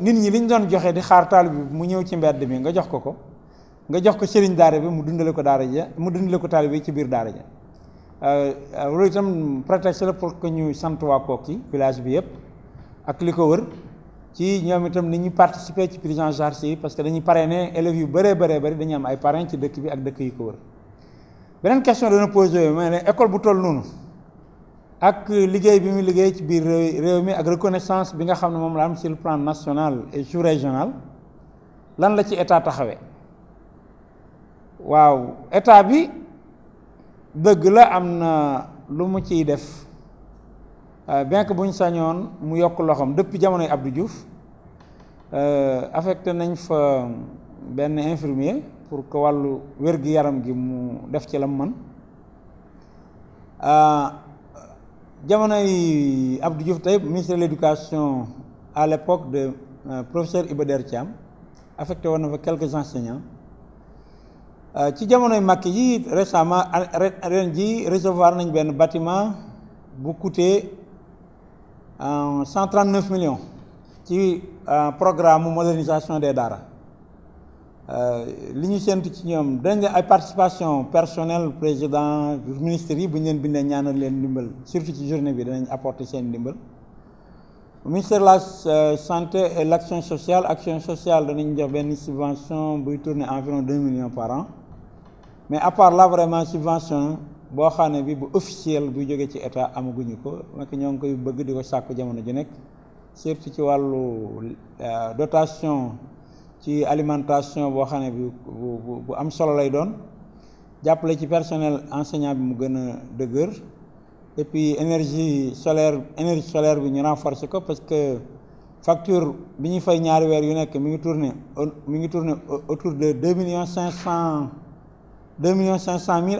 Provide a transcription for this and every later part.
nit ñi liñ doon joxe di xaar taal bi mu ñëw ci mbedd mi nga jox ko ko nga jox ko sëriñ daara bi mu dundale ko daara ja mu dundale ko taal bi ci biir daara ja euh, euh, loolu itam prétexte la pour que ñu sant waa Koki village bi yëpp ak li ko wër ci ñoom itam ni ñu participer ci prise en yi parce que dañuy parrainer élèves yu bare bëree bëri dañu am ay parrain ci dëkk bi ak dëkk yi ko wër beneen question dana posé ma ne école bu toll noonu ak liggéey bi mu liggéey ci biir réew mi ak reconnaissance bi nga xam ne moom la am sur le plan national et sous-régional lan la ci état taxawee waaw état bi dëgg la am na lu mu ciy def euh, bien que bu sañoon mu yokk loxoom depuis jamonoy Abdou Diouf euh, affecté nañ fa benn infirmier pour que walu wergu yaram gi mu ah, Abdou ministre de l'éducation à l'époque de euh, professeur ibader quelques enseignants ah, ci jamonoy récemment ren ji recevoir nañ bâtiment bu coûté 139 euh, millions millions ci euh, programme modernisation des dars. Euh, li ñu séntu ci ñoom dañ ay participation personnelle président ministère yi bu ñu leen bindee ñaanal leen ndimbal surtout ci journée bi danañ apporter seen ndimbal ministère de la euh, santé et l'Action sociale action sociale danañ jox benn subvention buy tourner environ 2 millions par an mais à part là vraiment subvention boo xam ne bi bu officiel buy jógee ci état amaguñu ko mak ñoo ngi koy bëgg di ko sàkku jamono ju nekk surtout ci wàllu euh, dotation ci alimentation boo xam bi bu am solo lay doon jàppale ci personnel enseignant bi et puis énergie solaire énergie solaire bi parce que facture bi fay yu autour de 2 millions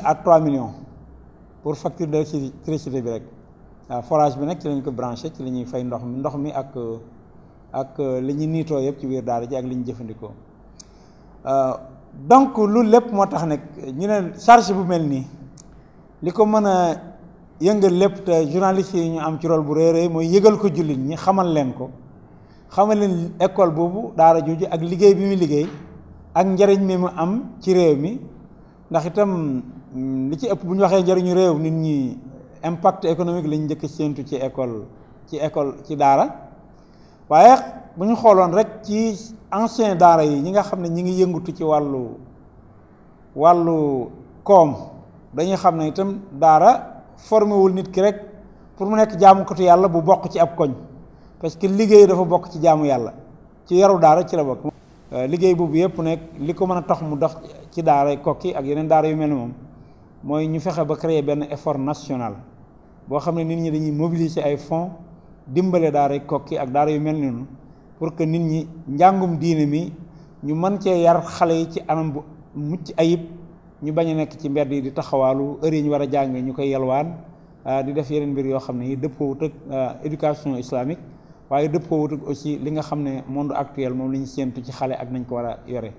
à 3 millions pour facture d'électricité bi forage bi la ak euh, li ñu niitoo yëpp ci biir daara ji ak li ñu jëfandikoo euh, donc lu lépp moo tax nag ñu ne charge bu mel nii li ko mën a yëngal lépp te journaliste yi ñu am ci rôle bu rëy rëy mooy yëgal ko jullit ñi xamal leen ko xamal leen école boobu daara jooju ak liggéey bi muy liggéey ak njariñ mi mu am ci réew mi ndax itam mm, li ci ëpp bu ñu waxee njariñu réew nit ñi impact économique lañ njëkk séentu ci école ci école ci daara waaye bu ñu xooloon rek ci ancien daara yi ñi nga xam ne ñi ngi yëngutu ci wàllu wàllu koom dañuy xam ne itam daara formé wul nit ki rek pour mu nekk jaamukatu yàlla bu bokk ci ab koñ parce que liggéey dafa bokk ci jaamu yàlla ci yaru daara ci la bokk euh, liggéey boobu yëpp nekk li ko mën a tox mu dox ci daara kokki ak yeneen daara yu mel ni moom mooy ñu fexe ba créer benn effort national boo xam ne nit ñi dañuy mobiliser ay fonds dimbale daaray kokki ak daara yu mel ni pour que nit ñi njàngum diine mi ñu mën cee yar xale yi ci anam bu mucc ayib ñu bañ a nekk ci mbedd yi di taxawaalu heure yi ñu war a jàngee ñu koy yalwaan ah, di def yeneen mbir yoo xam ne yi dëppoowut ak ah, éducation islamique waaye dëppoowut ak aussi li nga xam ne monde actuel moom la ñu séentu ci xale ak nañ ko war a yore.